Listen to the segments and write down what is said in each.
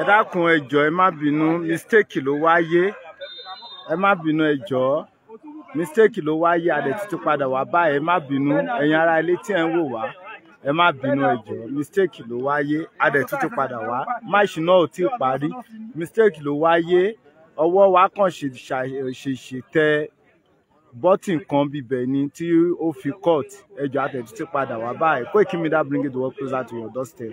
ẹ dákun ẹ jọ̀ọ́ ẹ má bínú mistake ló wáyé ẹ má bínú ẹ jọ̀ọ́ mistake ló wáyé adẹ títí padà wá báyìí ẹ má bínú ẹ̀yin ará ilé tí ẹ ń wò wá ẹ má bínú ẹ jọ̀ọ́ mistake ló wáyé adẹ títí padà wá máàṣì náà ò tí ì parí mistake ló wáyé ọwọ́ wa kàn ṣèṣe tẹ bọ́tìn kan bíbẹ̀ ni tí ó fi cut ẹ jọ̀ọ́ adẹ títí padà wá báyìí Koikimedia bring it work closer to your doorstep.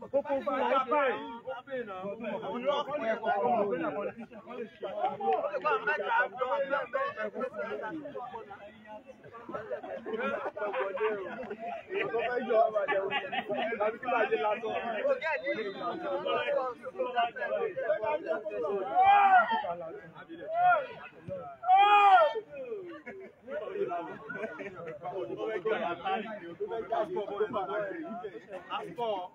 kókó fún wa báyìí. Aspo.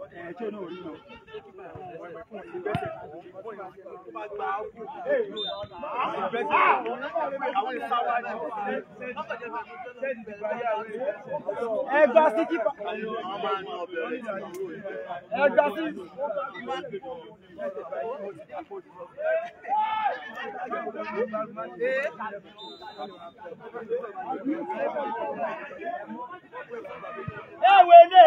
ẹjọ́ náà rí lọ. ẹ gba sí kípa ẹ gba sí. Ewe ne!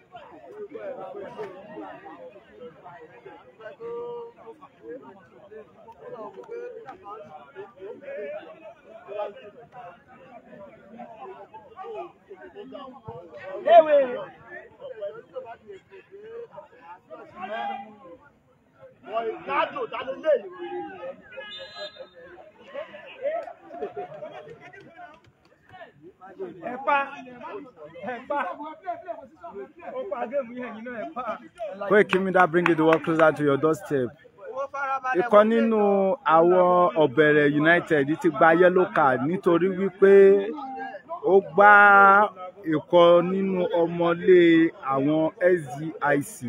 léwe. Wọ́n ìdájọ́ dálé lé ìwé ẹ̀pá ẹ̀pá ó pa géèmù yẹn yìí náà ẹ̀pá. Koikimedia bring the world closer to your doorstep. Ìkan nínú àwọn ọ̀bẹ̀rẹ̀ United ti gba yellow card nítorí wípé ó gbá ìkan nínú ọmọlé àwọn SGIC.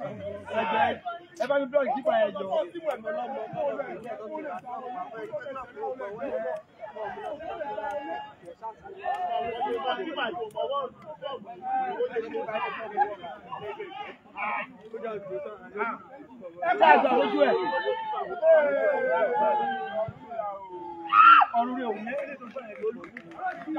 Thank you ẹ bá mi blọọkì kípa ẹ jọ. ẹ ká àgbà lójú ẹ. ọ̀run rẹ̀ ò ní.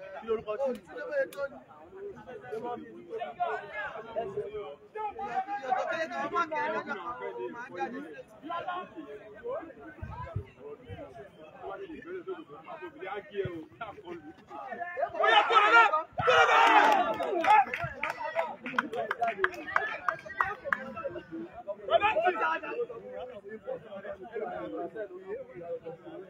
kí lórúkọ tí ìlú Oya kúrò náà! Kúrò náà! Ọ̀dọ́ ti!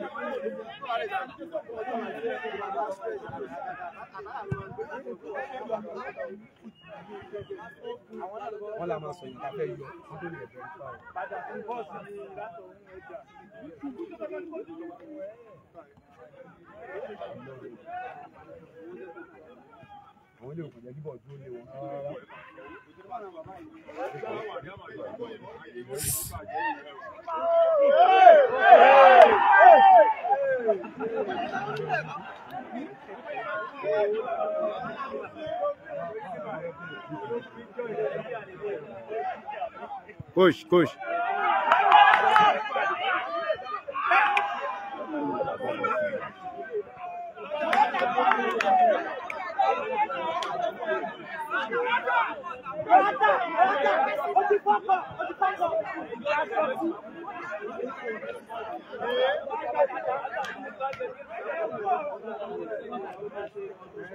wọ́n là máa sọ yìí láfẹ́ yọ ọdún rẹ̀ bẹ̀rẹ̀ àwọn ilé òkùnjẹ jíbọ̀ dúró lé wọn. coxa, coxa.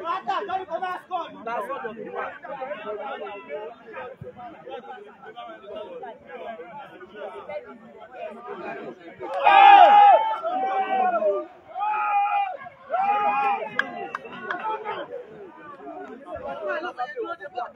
Mata, dá-lhe começo, come! Dá só,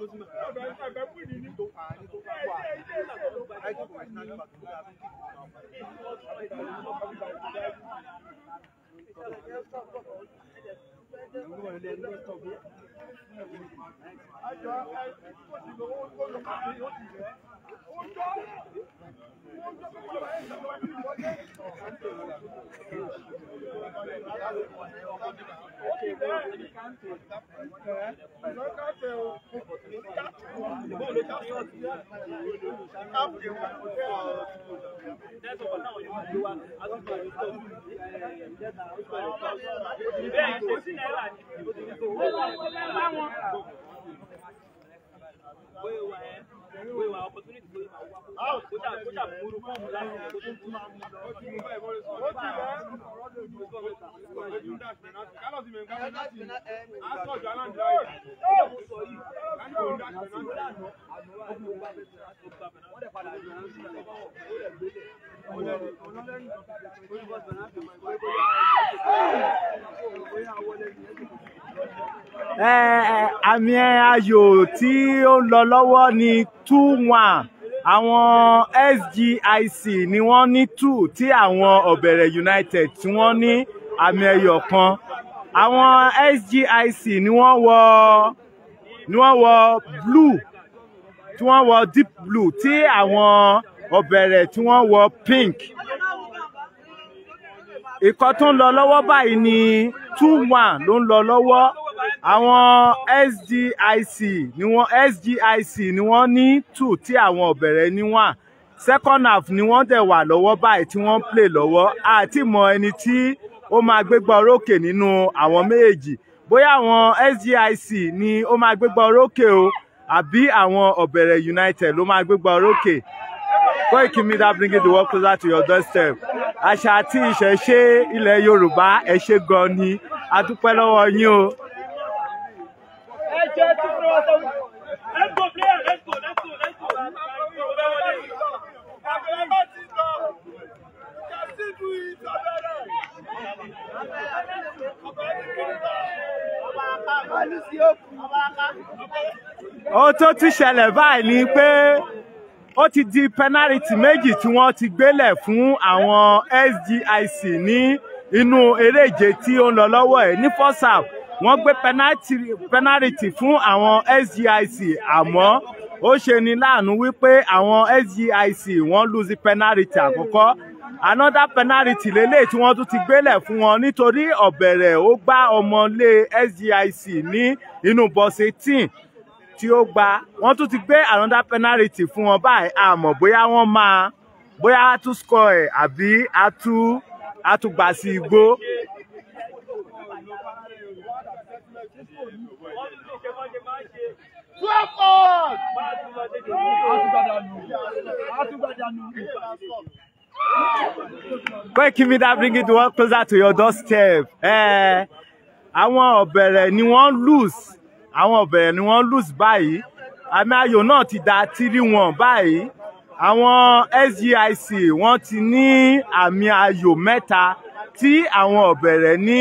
jójúmọ̀ tó pa ní tó pa wà àìsàn kọmíṣánná ìgbà tó dáa That's what now you a ò kódà kódà múru fóònù láti ọ̀rọ̀ tó tún tún. Thank you àmì ayò tí ó ń lọ lọ́wọ́ ni two one àwọn SGIC ni wọ́n ní two tí àwọn ọ̀bẹ̀rẹ̀ United tí wọ́n ní àmì ẹyọ kan àwọn SGIC ni wọ́n wọ ni wọ́n wọ blue tí wọ́n wọ deep blue tí àwọn ọ̀bẹ̀rẹ̀ tí wọ́n wọ pink ìkan tó ń lọ lọ́wọ́ báyìí ni two one ló ń lọ lọ́wọ́ àwọn SGIC ni wọ́n SGIC ni wọ́n ní two tí àwọn ọ̀bẹ̀rẹ̀ ní one second half ni wọ́n dẹ̀ wà lọ́wọ́ báyìí tí wọ́n ń play lọ́wọ́ àti mọ ẹni tí ó máa gbégbá orókè nínú àwọn méjèèjì bóyá àwọn SGIC ni ó máa gbégbá orókè o àbí àwọn ọ̀bẹ̀rẹ̀ United ló máa gbégbá orókè Koiki Media bringing the world closer to your doorstep. Àṣà àti ìṣẹ̀ṣe ilẹ̀ Yorùbá ẹ ṣé gan ni. A dúpẹ́ lọ́wọ́ yín o. Ó tó ti ṣẹlẹ̀ báyìí ni pé ó ti di pẹ́nárìtì méjì tí wọ́n ti gbélẹ̀ fún àwọn SGIC ní inú eréje tí ó ń lọ lọ́wọ́ ẹ̀ ní first half wọ́n gbé pẹ́nárìtì fún àwọn SGIC àmọ́ ó ṣe ni láàánú wípé àwọn SGIC wọ́n lùzí pẹ́nárìtì àkọ́kọ́ another penalty lélẹ̀ tí wọ́n tún ti gbélẹ̀ fún wọn nítorí ọ̀bẹ̀rẹ̀ ó gbá ọmọlé SGIC ni inú box eighteen tí ó gba wọ́n tún ti gbé another penalty fún wọn báyìí àmọ́ bóyá wọ́n máa bóyá a tún score ẹ̀ àbí a tún a tún gbà sí igbó. Koikimedia bring it one closer to your doorstep. Àwọn ọ̀bẹ̀rẹ̀ ni wọ́n lose àwọn ọ̀bẹ̀ ni wọ́n lose báyìí àmì ayò náà ti da three one báyìí àwọn SGIC wọ́n ti ní àmì ayò mẹ́ta tí àwọn ọ̀bẹ̀rẹ̀ ní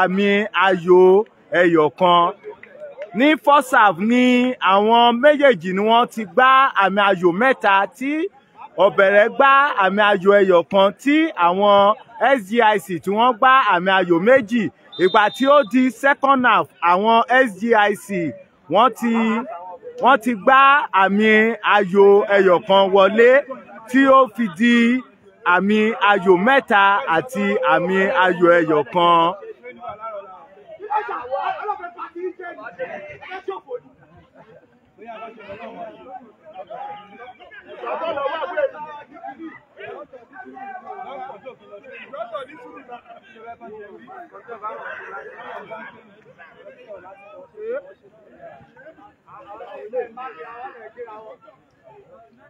àmì ayò ẹyọ kan ní fọ́sàf ni àwọn méjèèjì ni wọ́n ti gbá àmì ayò mẹ́ta tí ọ̀bẹ̀rẹ̀ gbá àmì ayò ẹyọ kan tí àwọn SGIC tí wọ́n gbá àmì ayò méjì ìgbà tí ó di second half àwọn SGIC wọ́n ti wọ́n ti gbá àmì ayò ẹyọ kan wọlé tí ó fi di àmì ayò mẹ́ta àti àmì ayò ẹyọ kan. Thank you.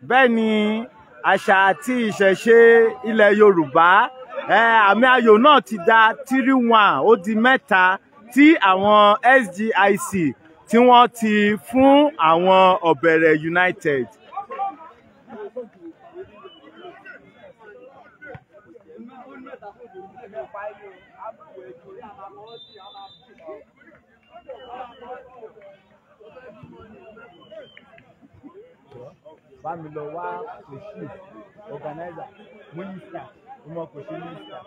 bẹ́ẹ̀ ni àṣà àti ìṣẹ̀ṣe ilẹ̀ Yorùbá àmì ayò náà ti da tírí wọn ó di mẹ́ta tí àwọn SGIC tí wọ́n ti fún àwọn Ọ̀bẹ̀rẹ̀ United. bá mi lọ wá kòṣì organizer mínísítà ọmọ kòṣì mínísítà.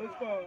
Let's go.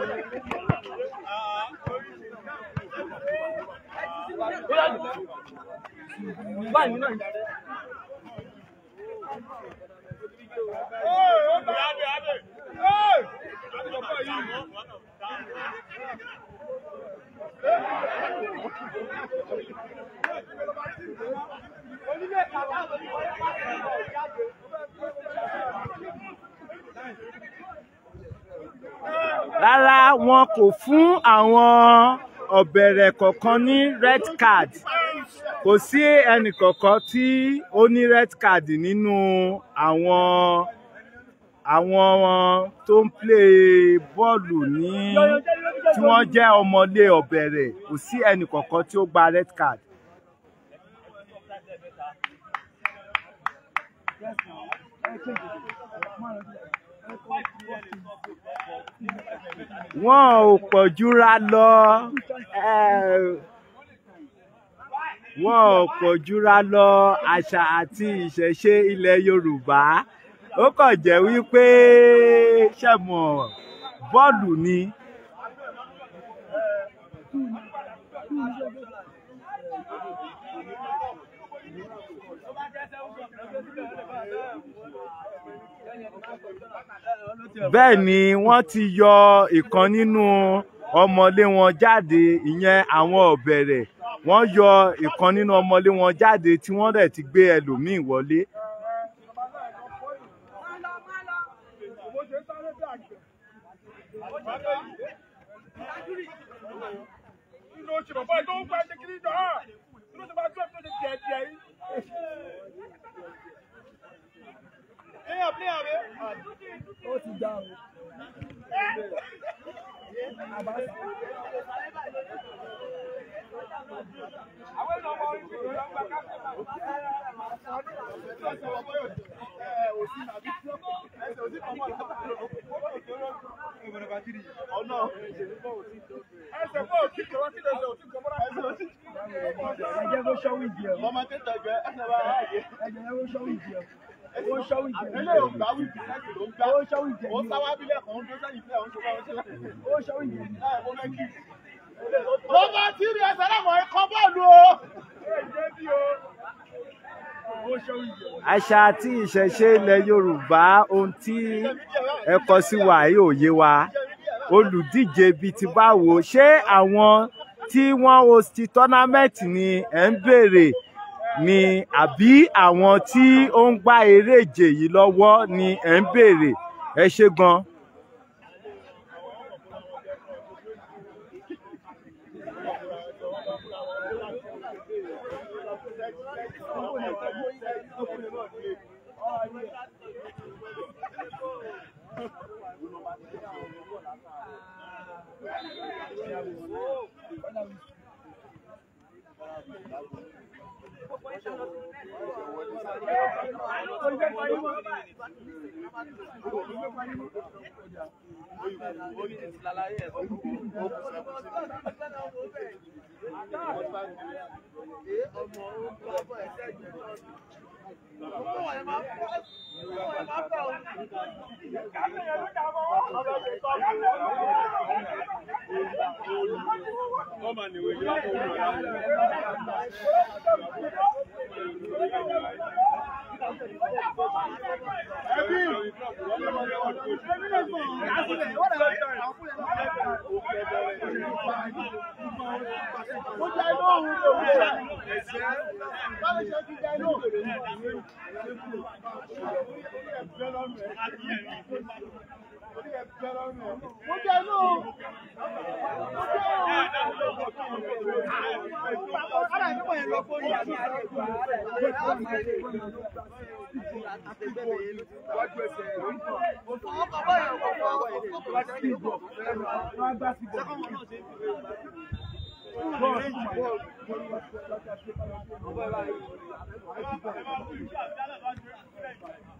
Onílé kàtà lórí ọ̀rẹ́ pàtàkì. rárá wọn kò fún àwọn ọ̀bẹ̀rẹ̀ kọ̀ọ̀kan ní red card kò sí ẹnìkọ̀ọ̀kan tí ó ní red card nínú àwọn àwọn tó ń play bọ́ọ̀lù ní tí wọ́n jẹ́ ọmọlé ọ̀bẹ̀rẹ̀ kò sí ẹnìkọ̀ọ̀kan tí ó gba red card. Thank you wọn ò pọ̀ jura lọ wọn ò pọ̀ jura lọ àṣà àti ìṣẹ̀ṣe ilẹ̀ Yorùbá ó kàn jẹ́ wípé ṣẹ̀mọ̀ bọ́ọ̀lù ni. Thank you bẹ́ẹ̀ ni wọ́n ti yọ ìkan nínú ọmọlé wọn jáde ìyẹn àwọn ọ̀bẹ̀rẹ̀ wọ́n yọ ìkan nínú ọmọlé wọn jáde tí wọ́n dẹ̀ ti gbé ẹlòmíín wọlé. Inú oṣù bàbá ìdánwò gba ó ti dá ọmọ orí fídíò ilé ò gbá wíìgì lẹ́sìn ló ń gbá ó sáwá bílẹ̀ kan ó dó sẹ́yìn bílẹ̀ ó ń ṣọwọ́ ó ṣọ wíìgì láì ó mẹ́kì. ló tí rí ẹsẹ̀ láwọn ẹ̀kọ́ bọ́ọ̀lù o. àṣà àti ìṣẹ̀ṣe ilẹ̀ Yorùbá ohun tí ẹ kọ sí wa yìí ò yé wa olùdíje bíi ti báwo ṣé àwọn tí wọ́n host tournament ni ẹ̀ ń béèrè ni àbí àwọn tí ó ń gbá eré yìí lọ́wọ́ ni ẹ̀ ń béèrè ẹ ṣé gan-an. Come on, you will mo jẹ inú o mo jẹ o. ara ìlú wọ̀nyẹn lọ fún ìyá mi àlejò Thank you.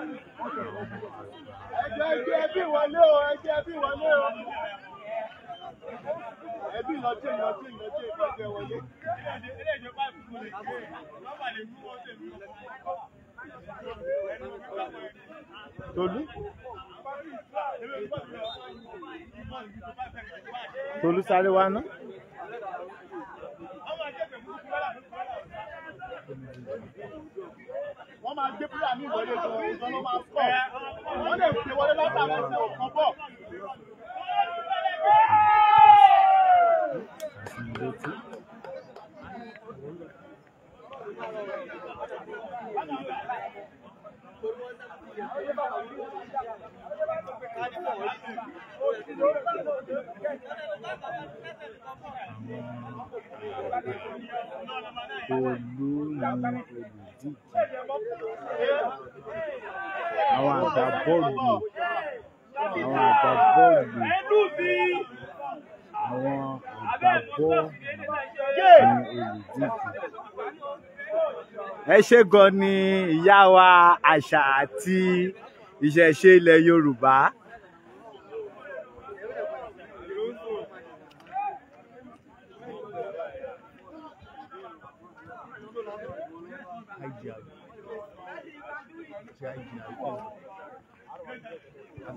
ẹjọ ẹbí ẹbí wọlé o ẹjọ ẹbí wọlé o ẹbí lọtí lọtí lọtí ìgbọjẹ wọlé. Tolú. Tolú sáré wá ná. Thank you wọ́n máa gbé pílà ní ìwọlé gan ọ̀gán ló máa pọ̀ wọ́n lè fi wọlé látàrí ẹsẹ̀ ọ̀kan bọ̀. Olúwa ìdíje àwọn àgbà bọ́ọ̀lù àwọn àgbà bọ́ọ̀lù àwọn àgbà bọ́ọ̀lù olùdíje. ẹ ṣé gan ni ìyá wa àṣà àti ìṣẹ̀ṣe ilẹ̀ Yorùbá.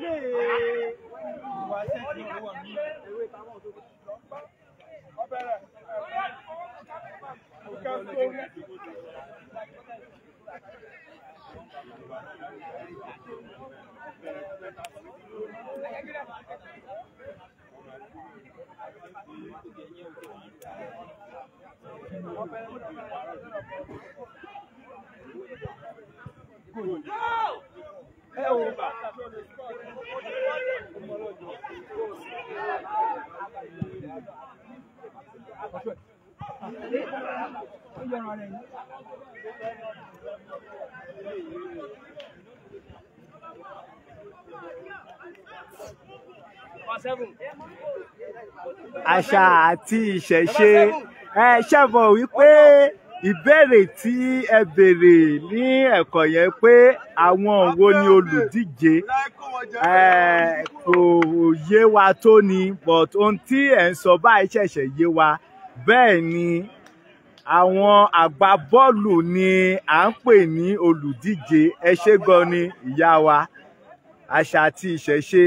ẹ o. Oh. yọra rẹ̀ ni. àṣà àti ìṣẹ̀ṣe ẹ ṣẹ́mọ̀ wípé ìbéèrè tí ẹ béèrè ní ẹ̀kọ́ yẹn pé àwọn wo ni olùdíje kò yé wa tó ni but ohun tí ẹ̀ ń sọ báyìí ṣẹ̀ṣẹ̀ yé wa bẹ́ẹ̀ ni àwọn àgbà bọ́ọ̀lù ni à ń pè ní olùdíje ẹ ṣé gan ni ìyá wa àṣà àti ìṣẹ̀ṣe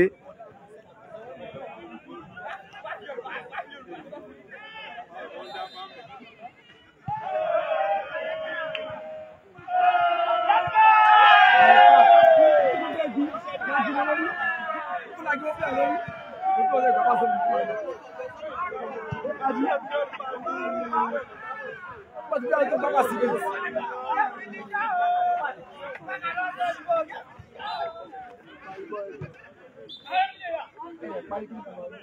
Thank you. Thank you.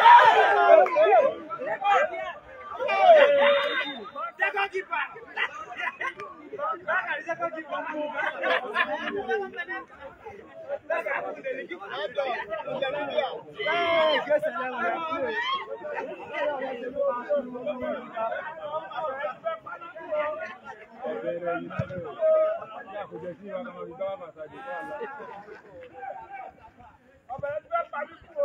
Ọbẹ̀ ẹni bẹ́ẹ̀ pa mí kú o.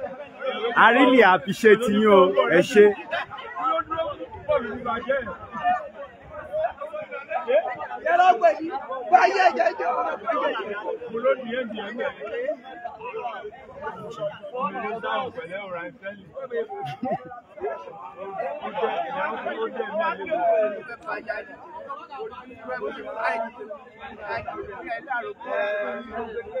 I really appreciate you, o oh, Thank you.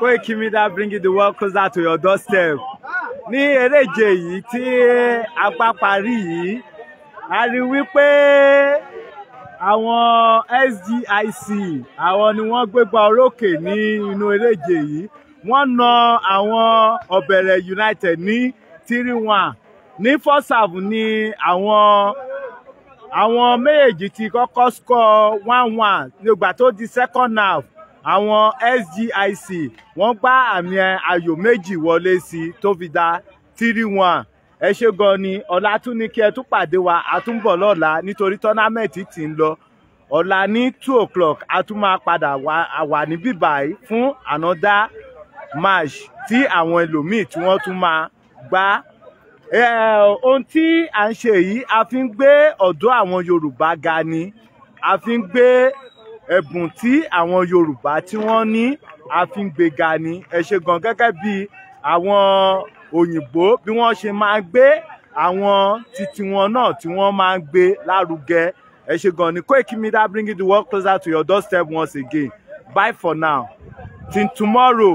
Koiki Media bringing the world closer to your doorstep. Ni eré ìje yìí tí a bá parí yìí, a rí wípé àwọn SGIC àwọn ni wọ́n gbégbá orókè ní inú eré ìje yìí. Wọ́n na àwọn Ọ̀bẹ̀rẹ̀ United Ni. Tiri one ní first half ni àwọn àwọn méjèèjì ti kọ́kọ́ score one one nígbà tó di second half àwọn SGIC wọ́n gbá àmì ayò méjì wọlé sí i tó fi dá three one ẹ ṣe gan ni ọ̀la tún ní kí ẹ tún pàdé wa a tún bọ̀ lọ́la nítorí tọ́námẹ́ǹtì ti ń lọ ọ̀la ní two o'clock a tún máa padà wà níbí báyìí fún another match tí àwọn ẹlòmíì tí wọ́n tún máa Yorùbá ohun tí à ń ṣe yìí a fi ń gbé ọ̀dọ́ àwọn Yorùbá ga ni a fi ń gbé ẹ̀bùn tí àwọn Yorùbá tí wọ́n ní a fi ń gbé ga ni ẹ ṣe gan gẹ́gẹ́ bí àwọn òyìnbó bí wọ́n ṣe máa gbé àwọn titi wọn náà tí wọ́n máa ń gbé lárugẹ ẹ ṣe gan ni Koiki Media bringing the world closer to your doorstep once again bye for now till tomorrow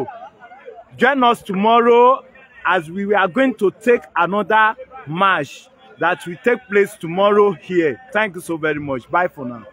join us tomorrow as we were going to take another march that will take place tomorrow here. Thank you so very much. Bye for now.